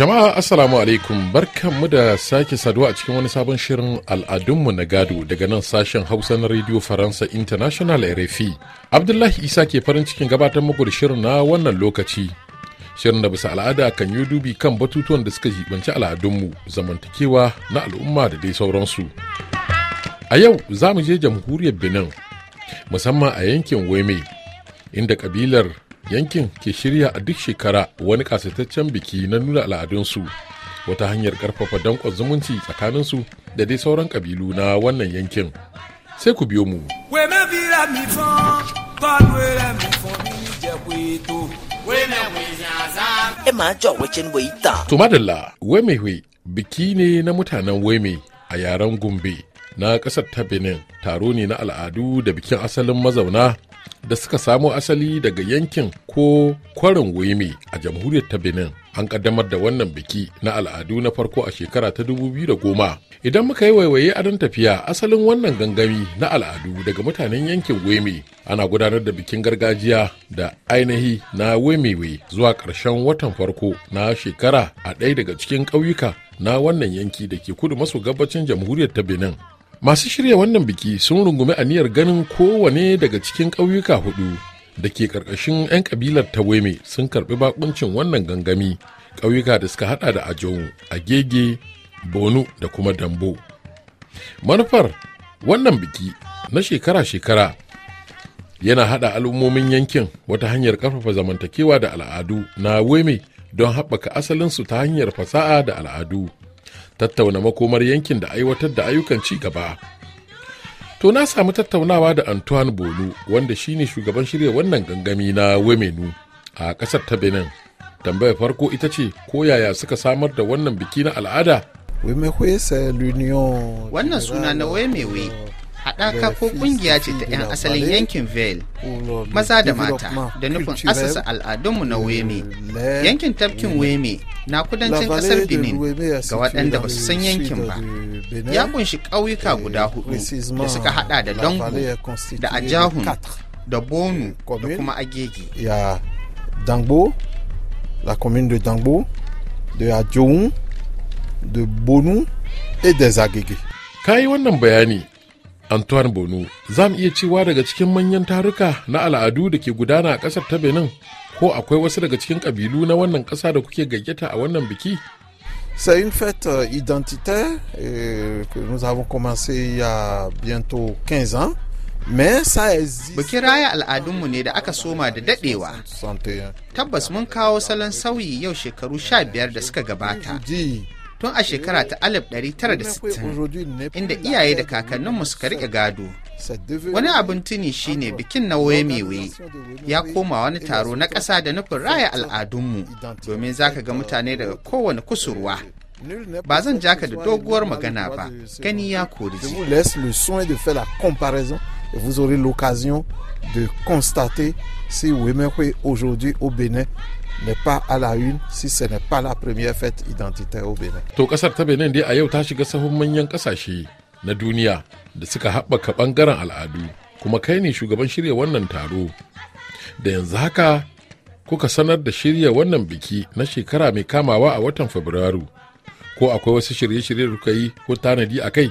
Jama'a Assalamu alaikum barkanmu da sake saduwa a cikin wani sabon shirin al'adunmu na gado daga nan sashen Hausa na Radio Faransa International RFI. Abdullahi Isa ke farin cikin gabatar muku da shirin na wannan lokaci. Shirin da bisa al'ada kan yi dubi kan batutuwan da suka jibanci al'adunmu, zamantakewa na al'umma da dai sauransu. A yau za mu je jamhuriyar Benin, musamman a yankin Weme, inda kabilar yankin ke shirya a duk shekara wani kasataccen biki na nuna al'adunsu wata hanyar karfafa danƙon zumunci tsakaninsu da dai sauran kabilu na wannan yankin sai ku biyo mu tumadalla wemewe biki ne na mutanen weme a yaren gombe na ƙasar ta benin taro ne na al'adu da bikin asalin mazauna da suka samo asali daga yankin ko kwarin weme a jamhuriyar ta benin an kaddamar da wannan biki na al'adu na farko a shekara ta dubu biyu da goma. idan muka yi waiwaye adon tafiya asalin wannan gangami na al'adu daga mutanen yankin weme ana gudanar da bikin gargajiya da ainihi na wemewe zuwa ƙarshen watan farko na shekara a ɗaya daga cikin ƙauyuka na wannan yanki da ke kudu maso gabacin jamhuriyar ta benin masu shirya wannan biki sun rungumi aniyar ganin kowane daga cikin ƙauyuka hudu da ke ƙarƙashin 'yan ƙabilar taweme sun karɓi bakuncin wannan gangami ƙauyuka da suka hada da a agege bonu da kuma dambo manufar wannan biki na shekara-shekara yana hada al'ummomin yankin wata hanyar ƙarfafa zamantakewa da al'adu na weme don haɓaka asalinsu ta hanyar fasaha da al'adu tattauna makomar yankin da aiwatar da ayyukan ci gaba. To na samu tattaunawa da Antoine Bolu wanda shine shugaban shirya wannan gangami na Wemenu a ƙasar ta Benin. Tambayar farko ita ce ko yaya suka samar da wannan biki na al'ada? Wannan suna na Wemewe haɗaka ko ƙungiya ce ta 'yan asalin yankin Vale, maza da mata, da nufin asasa al'adunmu na Weme, yankin tafkin Weme na kudancin ƙasar Benin ga waɗanda ba su san yankin ba. Ya kunshi ƙauyuka guda hudu da suka haɗa da Dongo, da Ajahun, da Bonu, da kuma Agege. Dangbo, la commune de Dangbo, de de Bonu et des Agege. Ka yi wannan bayani Antoine Bono za mu iya cewa daga cikin manyan taruka na al'adu da ke gudana a ƙasar ta Benin ko akwai wasu daga cikin ƙabilu na wannan ƙasa da kuke gayyata a wannan biki? C'est une fête euh, identitaire que nous avons commencé il y a bientôt 15 ans. Bikin raya al'adunmu ne da aka soma da dadewa. Tabbas mun kawo salon sauyi yau shekaru sha biyar da suka gabata. tun a shekara ta 1960 eh, inda iyaye da kakanninmu suka rike gado. Wani abin tuni shine bikin na Wemewe ya koma wani taro na ƙasa da nufin raya al'adunmu domin zaka ga mutane daga kowane kusurwa. Ba zan jaka da doguwar magana ba, gani ya kori. vous aurez l'occasion de constater si Wemekwe aujourd'hui au Bénin n'est pas à la une si ce n'est pas la première fête identitaire au Bénin. To kasar ta Benin dai a yau ta shiga sahun manyan kasashe na duniya da suka haɓaka ɓangaren al'adu kuma kai ne shugaban shirya wannan taro. Da yanzu haka kuka sanar da shirya wannan biki na shekara mai kamawa a watan Fabrairu. Ko akwai wasu shirye-shirye da kuka yi ko tanadi a kai?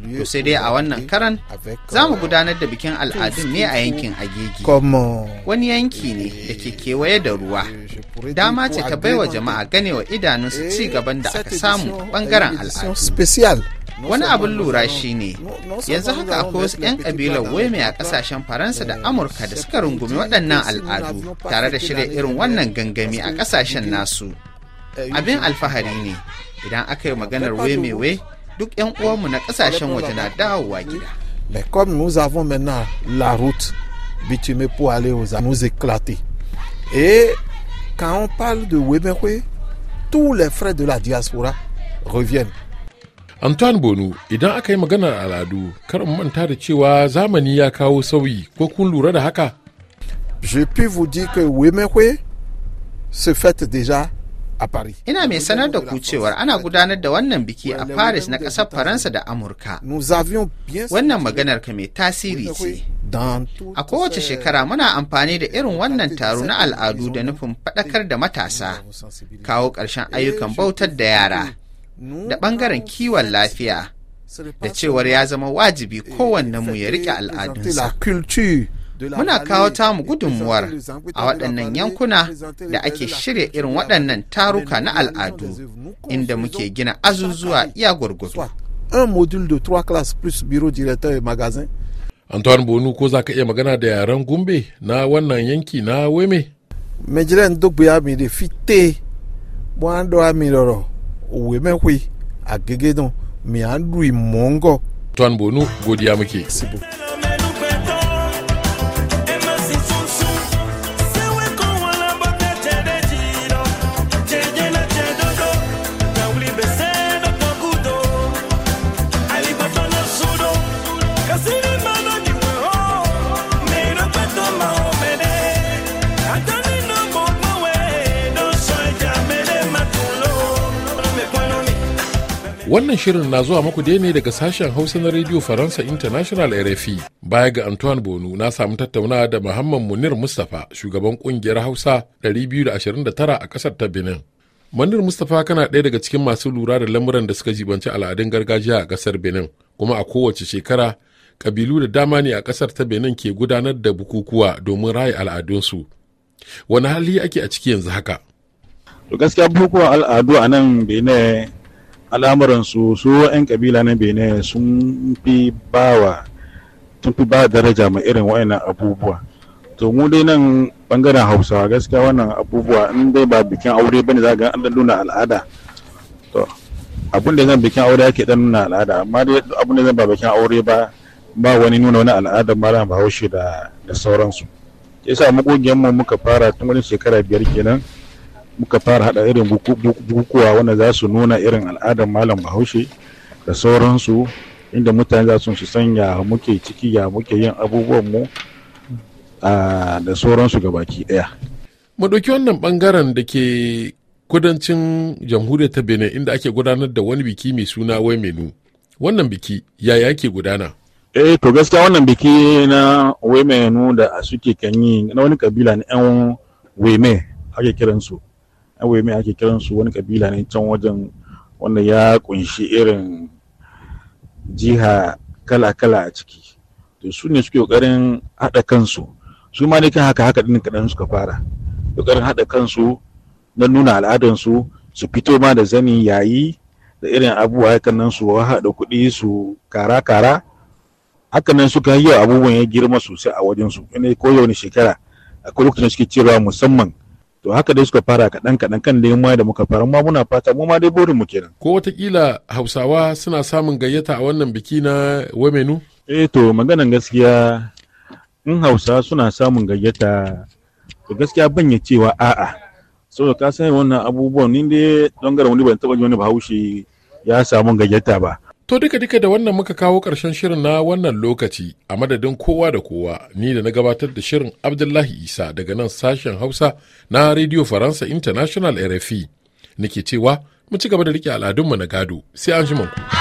To sai dai a wannan karan za mu gudanar da bikin al'adun ne a yankin Agege. Wani yanki ne da ke kewaye da ruwa. Dama ce ta baiwa jama'a ganewa idanunsu ci gaban da aka samu bangaren al'adu. wani abin lura shi ne. yanzu haka akwai wasu 'yan kabilar weme a ƙasashen faransa da amurka da suka rungumi waɗannan al'adu tare da shirya irin wannan gangami a ƙasashen nasu abin alfahari ne idan aka yi maganar wama-wai duk 'yan uwanmu na kasashen waje na dawowa gida. Mais comme nous avons maintenant la route bitumée pour aller aux nous éclater. Et quand on parle de Webekwe, tous les frais de la diaspora reviennent. Antoine Bonu, idan aka yi maganar al'adu, kar manta da cewa zamani ya kawo sauyi ko kun lura da haka? Je puis vous dire que Wemekwe se fête déjà a Paris. Ina mai sanar da ku cewar ana gudanar da wannan biki a Paris na ƙasar Faransa da Amurka. Wannan maganar ka mai tasiri ce. A kowace shekara muna amfani da irin wannan taro na al'adu da nufin faɗakar da matasa, kawo ƙarshen ayyukan bautar da yara, da ɓangaren kiwon lafiya, da cewar ya zama wajibi kowanne mu ya riƙe al'adunsa. muna kawo tamu gudunmuwar a waɗannan yankuna da ake shirya irin waɗannan taruka na al'adu inda muke gina azuzuwa iya gwargwado. Un bureau directeur Antoine Bonu ko za ka iya magana da yaren gumbe na wannan yanki na weme? Mejiren duk buya mi da fite buwan da mi lọrọ weme kwi a gege mi an du imongo. Antoine Bonu godiya muke. Sibu. Wannan shirin na zuwa muku dai ne daga sashen Hausa na rediyo Faransa International RFI. Baya ga Antoine Bonu na samu tattaunawa da Muhammad Munir Mustapha, shugaban kungiyar Hausa 229 a kasar ta Benin. Munir Mustapha kana ɗaya daga cikin masu lura da lamuran da suka jibanci al'adun gargajiya a kasar Benin, kuma a kowace shekara kabilu da dama ne a kasar ta Benin ke gudanar da bukukuwa domin raya al'adunsu. Wani hali ake a ciki yanzu haka? To gaskiya bukukuwan al'adu a nan Benin al'amuransu su 'yan kabila na benin sun fi bawa tun fi ba daraja ma irin wa'annan abubuwa to mu dai nan bangaren hausawa gaskiya wannan abubuwa in dai ba bikin aure bane za ga an dan nuna al'ada to abun da zan bikin aure yake dan nuna al'ada amma dai abun da zan ba bikin aure ba ba wani nuna wani al'ada ba ba bahaushe da da sauransu yasa mu muka fara tun wani shekara biyar kenan muka fara hada irin bukukuwa wanda za su nuna irin al'adar malam bahaushe da sauransu inda mutane za su sanya muke ciki ya muke yin abubuwanmu da sauransu ga baki daya. mu wannan ɓangaren da ke kudancin jamhuriyar ta benin inda ake gudanar da wani biki mai suna wai menu wannan biki yaya ke gudana eh to gaskiya wannan biki na wai menu da suke kan yi na wani kabila na yan weme ake kiransu awai mai ake su wani kabila ne can wajen wanda ya kunshi irin jiha kala-kala a ciki to su ne suke kokarin haɗa kansu su ma ne kan haka haka ɗin kaɗan suka fara kokarin haɗa kansu na nuna al'adansu su fito ma da zani yayi da irin abubuwa hakan nan su haɗa kuɗi su kara-kara hakan nan suka yi abubuwan ya girma sosai a wajensu ne ko yau ne shekara akwai lokacin da suke cewa musamman to haka dai suka fara kaɗan kaɗan kan dai da muka fara ma muna fata mu ma dai burin mu kenan ko watakila hausawa suna samun gayyata a wannan biki na wamenu eh to maganan gaskiya in Hausa suna samun gayyata to gaskiya ban ya cewa a'a saboda ka san wannan abubuwan ni dai don gara wani ban taɓa wani bahaushe ya samu gayyata ba To duka duka da wannan muka kawo ƙarshen shirin na wannan lokaci a madadin kowa da kowa ni da na gabatar da shirin Abdullahi Isa daga nan sashen Hausa na Radio Faransa International RFI nake cewa mu ci gaba da rike al'adunmu na gado sai an ku.